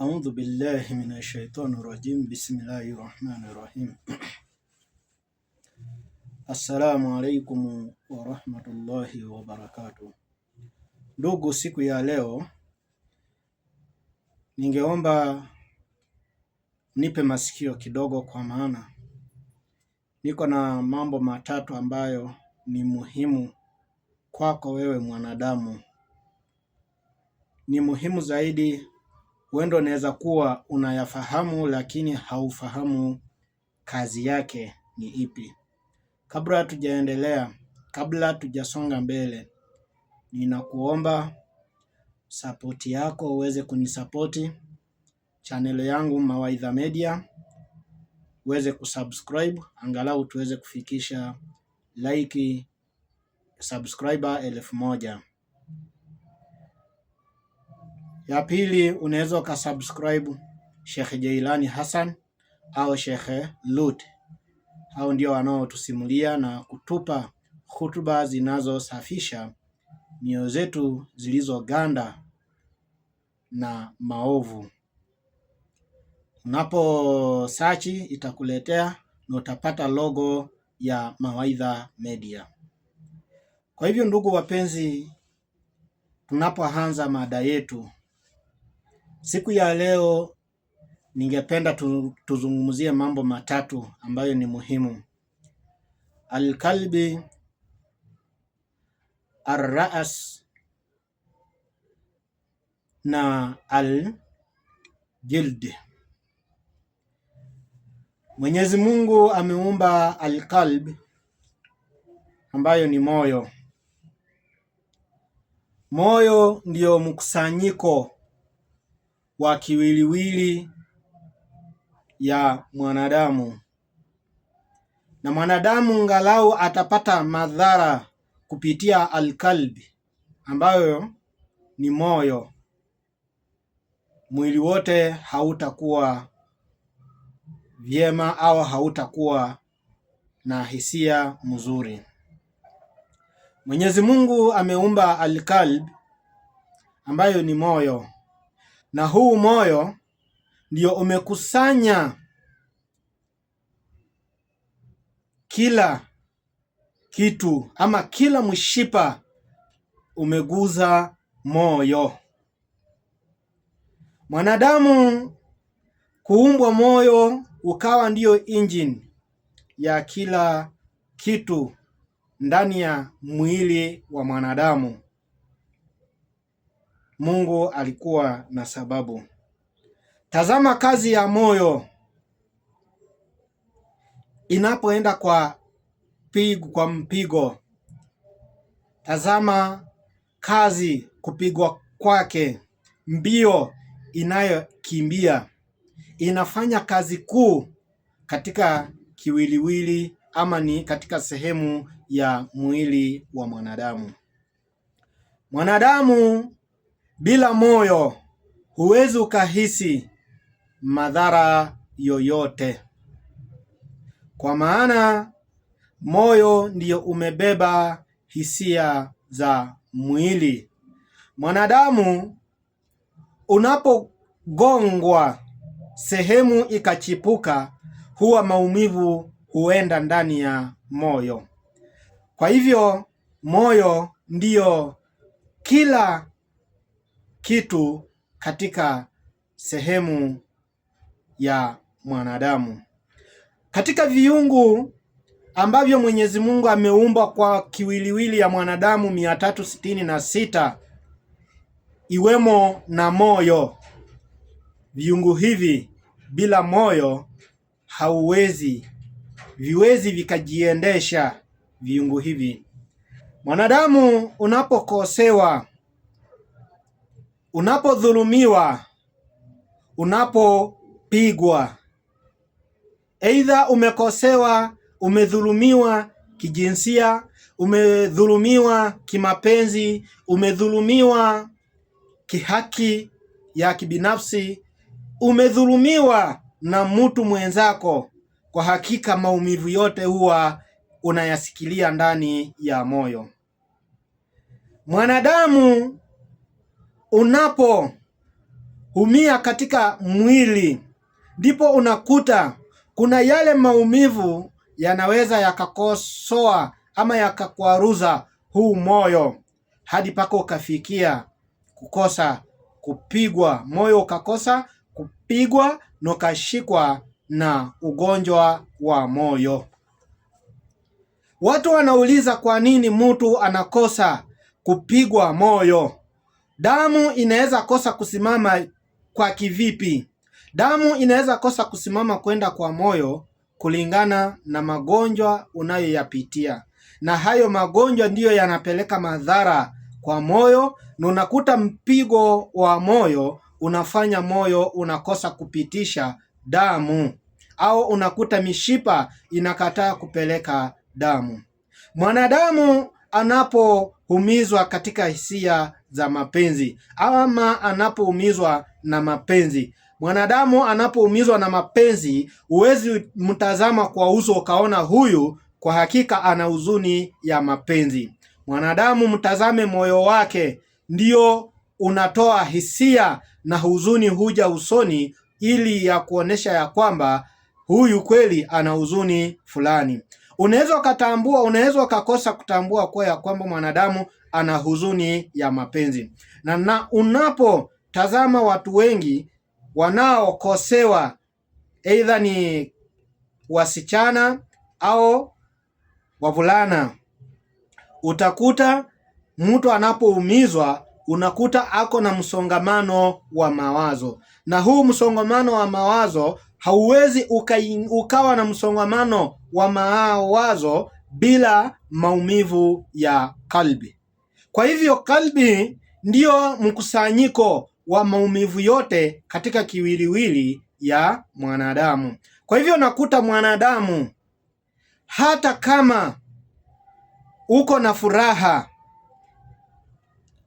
Audhu billahi minashaitani rajim. Bismillahi rahmani rahim. Assalamu alaikum warahmatullahi wabarakatuh. Ndugu, siku ya leo ningeomba nipe masikio kidogo, kwa maana niko na mambo matatu ambayo ni muhimu kwako wewe mwanadamu. Ni muhimu zaidi wewe unaweza kuwa unayafahamu lakini haufahamu kazi yake ni ipi. Kabla hatujaendelea, kabla tujasonga mbele, ninakuomba sapoti yako uweze kunisapoti chaneli yangu Mawaidha Media, uweze kusubscribe angalau tuweze kufikisha like subscriber elfu moja. Ya pili unaweza ukasubscribe Sheikh Jailani Hassan au Sheikh Lut. Hao ndio wanaotusimulia na kutupa hutuba zinazosafisha mioyo zetu zilizoganda na maovu. Unapo search itakuletea na utapata logo ya Mawaidha Media. Kwa hivyo, ndugu wapenzi, tunapoanza mada yetu Siku ya leo ningependa tu, tuzungumzie mambo matatu ambayo ni muhimu: alkalbi, arraas na aljildi. Mwenyezi Mungu ameumba alqalb ambayo ni moyo. Moyo ndiyo mkusanyiko wa kiwiliwili ya mwanadamu, na mwanadamu ngalau atapata madhara kupitia alkalbi, ambayo ni moyo. Mwili wote hautakuwa vyema au hautakuwa na hisia mzuri. Mwenyezi Mungu ameumba alkalb ambayo ni moyo na huu moyo ndio umekusanya kila kitu ama kila mshipa umeguza moyo. Mwanadamu kuumbwa moyo ukawa ndiyo injini ya kila kitu ndani ya mwili wa mwanadamu. Mungu alikuwa na sababu. Tazama kazi ya moyo inapoenda kwa pigo, kwa mpigo. Tazama kazi kupigwa kwake, mbio inayokimbia inafanya kazi kuu katika kiwiliwili ama ni katika sehemu ya mwili wa mwanadamu. Mwanadamu bila moyo huwezi ukahisi madhara yoyote, kwa maana moyo ndiyo umebeba hisia za mwili. Mwanadamu unapogongwa sehemu ikachipuka, huwa maumivu huenda ndani ya moyo. Kwa hivyo moyo ndiyo kila kitu katika sehemu ya mwanadamu. Katika viungu ambavyo Mwenyezi Mungu ameumba kwa kiwiliwili ya mwanadamu mia tatu sitini na sita iwemo na moyo. Viungu hivi bila moyo hauwezi viwezi vikajiendesha viungu hivi. Mwanadamu unapokosewa Unapodhulumiwa, unapopigwa, aidha umekosewa, umedhulumiwa kijinsia, umedhulumiwa kimapenzi, umedhulumiwa kihaki ya kibinafsi, umedhulumiwa na mtu mwenzako, kwa hakika maumivu yote huwa unayasikilia ndani ya moyo. Mwanadamu unapoumia katika mwili, ndipo unakuta kuna yale maumivu yanaweza yakakosoa ama yakakwaruza huu moyo hadi pako ukafikia kukosa kupigwa, moyo ukakosa kupigwa na ukashikwa na ugonjwa wa moyo. Watu wanauliza kwa nini mtu anakosa kupigwa moyo? Damu inaweza kosa kusimama kwa kivipi? Damu inaweza kosa kusimama kwenda kwa moyo kulingana na magonjwa unayoyapitia, na hayo magonjwa ndiyo yanapeleka madhara kwa moyo, na unakuta mpigo wa moyo unafanya moyo unakosa kupitisha damu, au unakuta mishipa inakataa kupeleka damu. Mwanadamu anapohumizwa katika hisia za mapenzi ama anapoumizwa na mapenzi. Mwanadamu anapoumizwa na mapenzi, huwezi mtazama kwa uso ukaona huyu kwa hakika ana huzuni ya mapenzi. Mwanadamu mtazame moyo wake, ndio unatoa hisia na huzuni huja usoni, ili ya kuonesha ya kwamba huyu kweli ana huzuni fulani. Unaweza ukatambua, unaweza ukakosa kutambua kwa ya kwamba mwanadamu ana huzuni ya mapenzi na, na unapotazama watu wengi wanaokosewa aidha ni wasichana au wavulana, utakuta mtu anapoumizwa unakuta ako na msongamano wa mawazo, na huu msongamano wa mawazo hauwezi uka, ukawa na msongamano wa mawazo bila maumivu ya kalbi. Kwa hivyo kalbi ndiyo mkusanyiko wa maumivu yote katika kiwiliwili ya mwanadamu. Kwa hivyo nakuta mwanadamu hata kama uko na furaha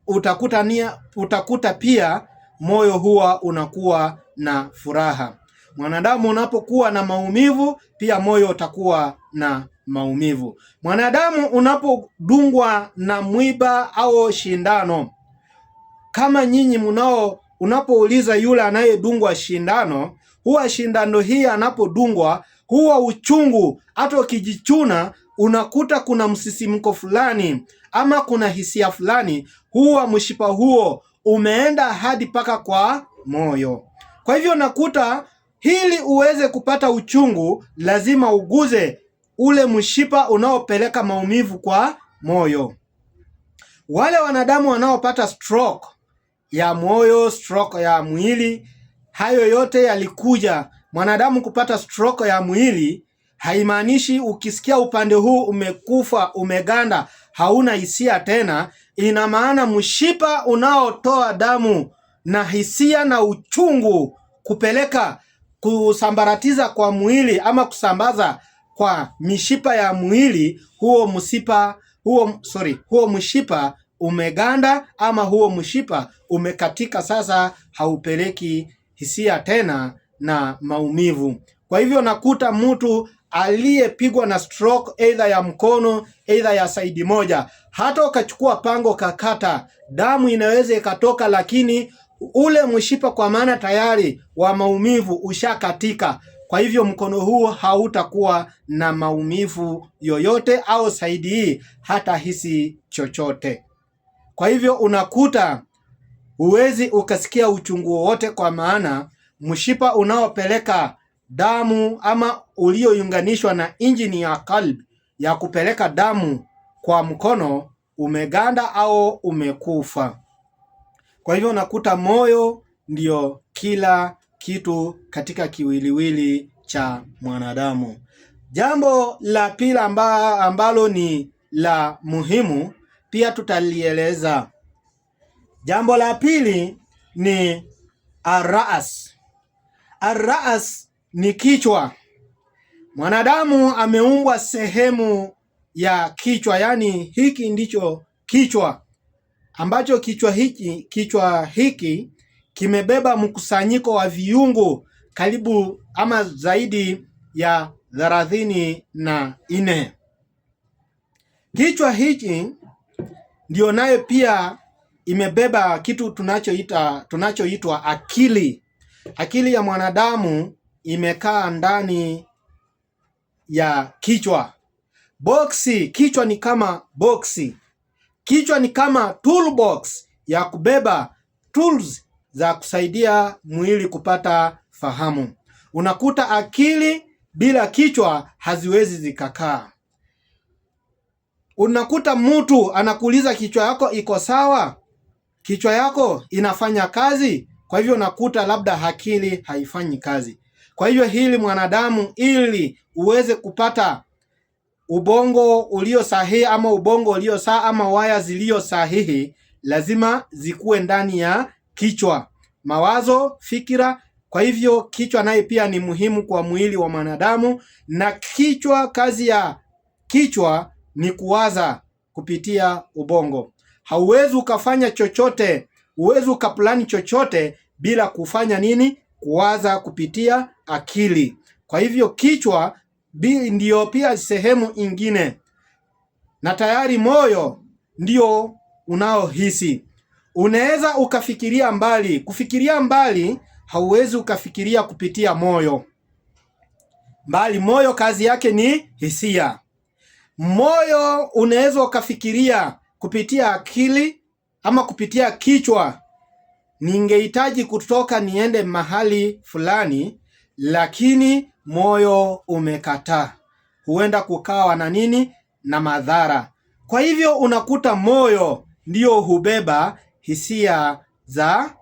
utakuta nia, utakuta pia moyo huwa unakuwa na furaha. Mwanadamu unapokuwa na maumivu, pia moyo utakuwa na maumivu. Mwanadamu unapodungwa na mwiba au shindano, kama nyinyi mnao, unapouliza yule anayedungwa shindano, huwa shindano hii anapodungwa huwa uchungu, hata ukijichuna unakuta kuna msisimko fulani ama kuna hisia fulani, huwa mshipa huo umeenda hadi paka kwa moyo. Kwa hivyo nakuta hili uweze kupata uchungu, lazima uguze ule mshipa unaopeleka maumivu kwa moyo. Wale wanadamu wanaopata stroke ya moyo, stroke ya mwili, hayo yote yalikuja. Mwanadamu kupata stroke ya mwili haimaanishi ukisikia upande huu umekufa, umeganda, hauna hisia tena. Ina maana mshipa unaotoa damu na hisia na uchungu kupeleka kusambaratiza kwa mwili ama kusambaza kwa mishipa ya mwili, huo msipa huo, sorry, huo mshipa umeganda ama huo mshipa umekatika, sasa haupeleki hisia tena na maumivu. Kwa hivyo nakuta mtu aliyepigwa na stroke aidha ya mkono aidha ya saidi moja, hata ukachukua pango kakata, damu inaweza ikatoka, lakini ule mshipa kwa maana tayari wa maumivu ushakatika. Kwa hivyo mkono huo hautakuwa na maumivu yoyote, au Saidi hii hata hisi chochote. Kwa hivyo unakuta huwezi ukasikia uchungu wowote, kwa maana mshipa unaopeleka damu ama uliounganishwa na injini ya kalbi ya kupeleka damu kwa mkono umeganda au umekufa. Kwa hivyo unakuta moyo ndio kila kitu katika kiwiliwili cha mwanadamu. Jambo la pili amba, ambalo ni la muhimu pia tutalieleza. Jambo la pili ni arraas. Arraas ni kichwa. Mwanadamu ameumbwa sehemu ya kichwa, yaani hiki ndicho kichwa ambacho kichwa hiki kichwa hiki kimebeba mkusanyiko wa viungo karibu ama zaidi ya thelathini na nne. Kichwa hiki ndio nayo pia imebeba kitu tunachoita tunachoitwa akili. Akili ya mwanadamu imekaa ndani ya kichwa. Boksi, kichwa ni kama boksi, kichwa ni kama toolbox ya kubeba tools za kusaidia mwili kupata fahamu. Unakuta akili bila kichwa haziwezi zikakaa. Unakuta mtu anakuuliza kichwa yako iko sawa? Kichwa yako inafanya kazi? Kwa hivyo unakuta labda akili haifanyi kazi. Kwa hivyo hili mwanadamu, ili uweze kupata ubongo ulio sahihi ama ubongo ulio saa ama waya zilizo sahihi, lazima zikuwe ndani ya kichwa, mawazo, fikira. Kwa hivyo kichwa naye pia ni muhimu kwa mwili wa mwanadamu, na kichwa, kazi ya kichwa ni kuwaza kupitia ubongo. Hauwezi ukafanya chochote, huwezi ukaplani chochote bila kufanya nini? Kuwaza kupitia akili. Kwa hivyo kichwa ndiyo pia sehemu ingine, na tayari moyo ndio unaohisi. Unaweza ukafikiria mbali. Kufikiria mbali hauwezi ukafikiria kupitia moyo, bali moyo kazi yake ni hisia. Moyo unaweza ukafikiria kupitia akili ama kupitia kichwa, ningehitaji kutoka niende mahali fulani, lakini moyo umekataa, huenda kukawa na nini na madhara. Kwa hivyo unakuta moyo ndiyo hubeba hisia za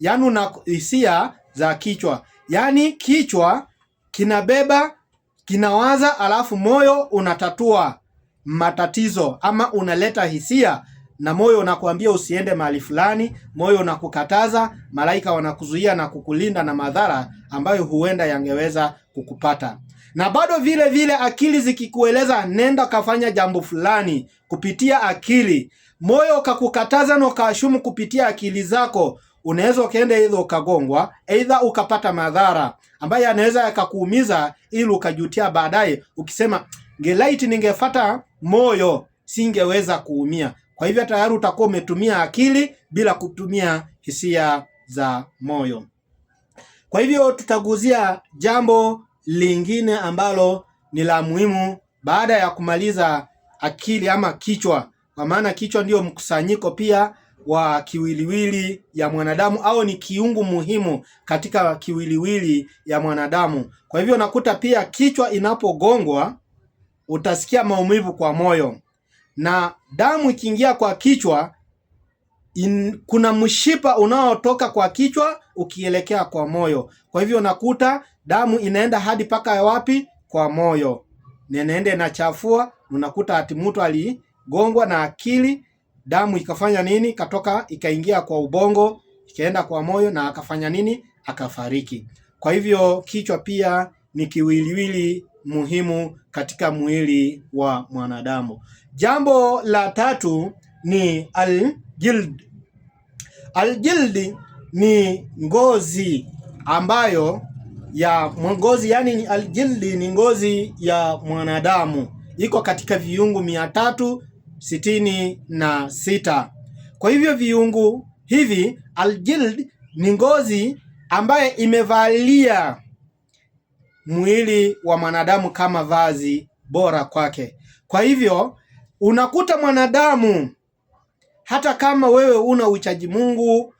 yani una hisia za kichwa, yaani kichwa kinabeba kinawaza, alafu moyo unatatua matatizo ama unaleta hisia, na moyo unakuambia usiende mahali fulani, moyo unakukataza, malaika wanakuzuia na kukulinda na madhara ambayo huenda yangeweza kukupata. Na bado vile vile akili zikikueleza nenda kafanya jambo fulani kupitia akili moyo ukakukataza na ukaashumu kupitia akili zako, unaweza ukaenda hizo ukagongwa, aidha ukapata madhara ambayo anaweza yakakuumiza, ili ukajutia baadaye ukisema, ngelaiti ningefata moyo singeweza kuumia. Kwa hivyo tayari utakuwa umetumia akili bila kutumia hisia za moyo. Kwa hivyo tutaguzia jambo lingine ambalo ni la muhimu baada ya kumaliza akili ama kichwa kwa maana kichwa ndio mkusanyiko pia wa kiwiliwili ya mwanadamu au ni kiungu muhimu katika kiwiliwili ya mwanadamu. Kwa hivyo unakuta pia kichwa inapogongwa utasikia maumivu kwa moyo, na damu ikiingia kwa kichwa in, kuna mshipa unaotoka kwa kichwa ukielekea kwa moyo. Kwa hivyo unakuta damu inaenda hadi paka ya wapi? Kwa moyo, nenaende nachafua unakuta ati mtu ali gongwa na akili, damu ikafanya nini? Katoka ikaingia kwa ubongo, ikaenda kwa moyo na akafanya nini? Akafariki. Kwa hivyo kichwa pia ni kiwiliwili muhimu katika mwili wa mwanadamu. Jambo la tatu ni aljild. Aljildi ni ngozi ambayo ya ngozi, yani aljildi ni ngozi ya mwanadamu, iko katika viungu mia tatu sitini na sita. Kwa hivyo viungu hivi, aljild ni ngozi ambaye imevalia mwili wa mwanadamu kama vazi bora kwake. Kwa hivyo unakuta mwanadamu hata kama wewe una uchaji Mungu,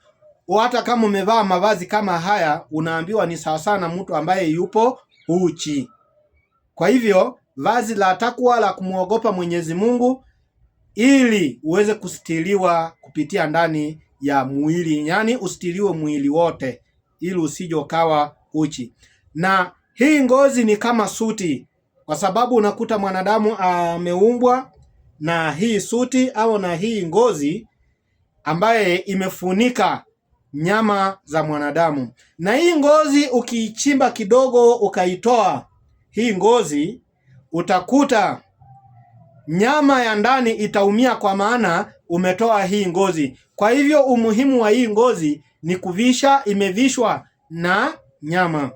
hata kama umevaa mavazi kama haya, unaambiwa ni sawa sana mtu ambaye yupo uchi. Kwa hivyo vazi la takwa la kumwogopa Mwenyezi Mungu ili uweze kustiliwa kupitia ndani ya mwili, yaani ustiliwe mwili wote, ili usije ukawa uchi. Na hii ngozi ni kama suti, kwa sababu unakuta mwanadamu ameumbwa na hii suti au na hii ngozi ambaye imefunika nyama za mwanadamu. Na hii ngozi ukiichimba kidogo ukaitoa hii ngozi utakuta nyama ya ndani itaumia, kwa maana umetoa hii ngozi. Kwa hivyo umuhimu wa hii ngozi ni kuvisha, imevishwa na nyama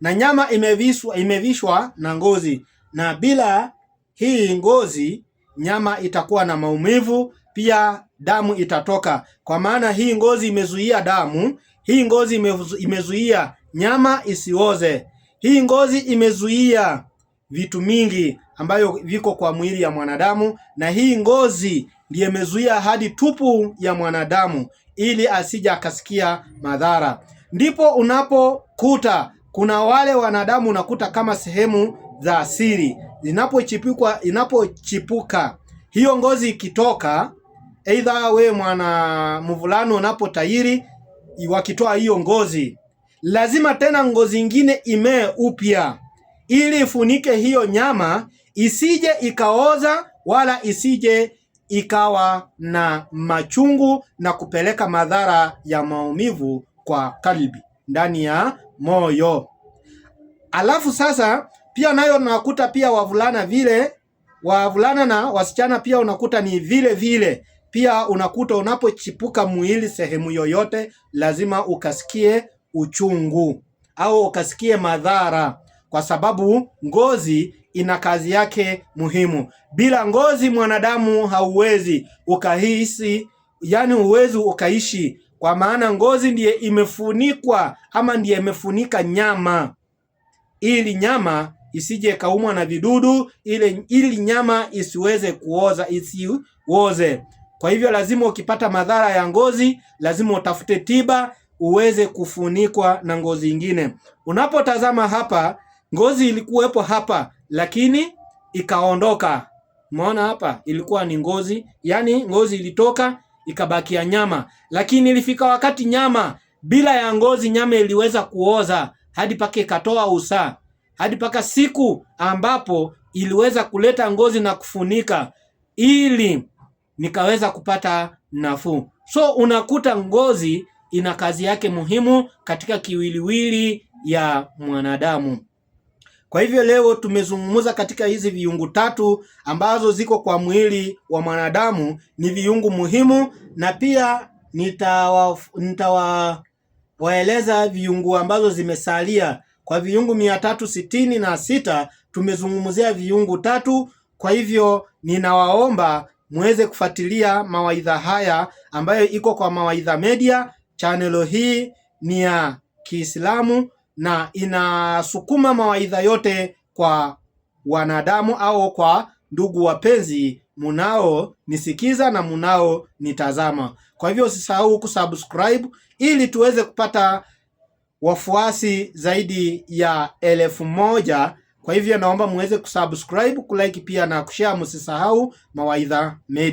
na nyama imevishwa, imevishwa na ngozi, na bila hii ngozi nyama itakuwa na maumivu, pia damu itatoka, kwa maana hii ngozi imezuia damu, hii ngozi imezuia nyama isioze, hii ngozi imezuia vitu mingi ambayo viko kwa mwili ya mwanadamu, na hii ngozi ndiye imezuia hadi tupu ya mwanadamu ili asija akasikia madhara. Ndipo unapokuta kuna wale wanadamu unakuta kama sehemu za asili inapochipuka inapochipuka hiyo ngozi ikitoka, aidha we mwana mvulano unapotahiri, wakitoa hiyo ngozi lazima tena ngozi ingine imee upya ili ifunike hiyo nyama isije ikaoza wala isije ikawa na machungu na kupeleka madhara ya maumivu kwa kalbi, ndani ya moyo. Alafu sasa pia nayo nakuta pia wavulana vile wavulana na wasichana pia unakuta ni vile vile. Pia unakuta unapochipuka mwili sehemu yoyote lazima ukasikie uchungu au ukasikie madhara kwa sababu ngozi ina kazi yake muhimu. Bila ngozi mwanadamu hauwezi ukahisi, yani huwezi ukaishi, kwa maana ngozi ndiye imefunikwa ama ndiye imefunika nyama, ili nyama isije kaumwa na vidudu, ile, ili nyama isiweze kuoza, isioze. Kwa hivyo lazima ukipata madhara ya ngozi, lazima utafute tiba uweze kufunikwa na ngozi ingine. Unapotazama hapa Ngozi ilikuwepo hapa lakini ikaondoka. Umeona hapa ilikuwa ni ngozi, yaani ngozi ilitoka ikabakia nyama, lakini ilifika wakati nyama bila ya ngozi, nyama iliweza kuoza hadi paka ikatoa usaa, hadi paka siku ambapo iliweza kuleta ngozi na kufunika ili nikaweza kupata nafuu. So unakuta ngozi ina kazi yake muhimu katika kiwiliwili ya mwanadamu. Kwa hivyo leo tumezungumza katika hizi viungu tatu ambazo ziko kwa mwili wa mwanadamu, ni viungu muhimu, na pia nitawa nitawaeleza viungu ambazo zimesalia. Kwa viungu mia tatu sitini na sita tumezungumzia viungu tatu. Kwa hivyo ninawaomba muweze kufuatilia mawaidha haya ambayo iko kwa Mawaidha Media. Chanelo hii ni ya Kiislamu na inasukuma mawaidha yote kwa wanadamu au kwa ndugu wapenzi munao nisikiza na munao nitazama. Kwa hivyo usisahau kusubscribe ili tuweze kupata wafuasi zaidi ya elfu moja. Kwa hivyo naomba muweze kusubscribe, kulike pia na kushare, msisahau Mawaidha Media.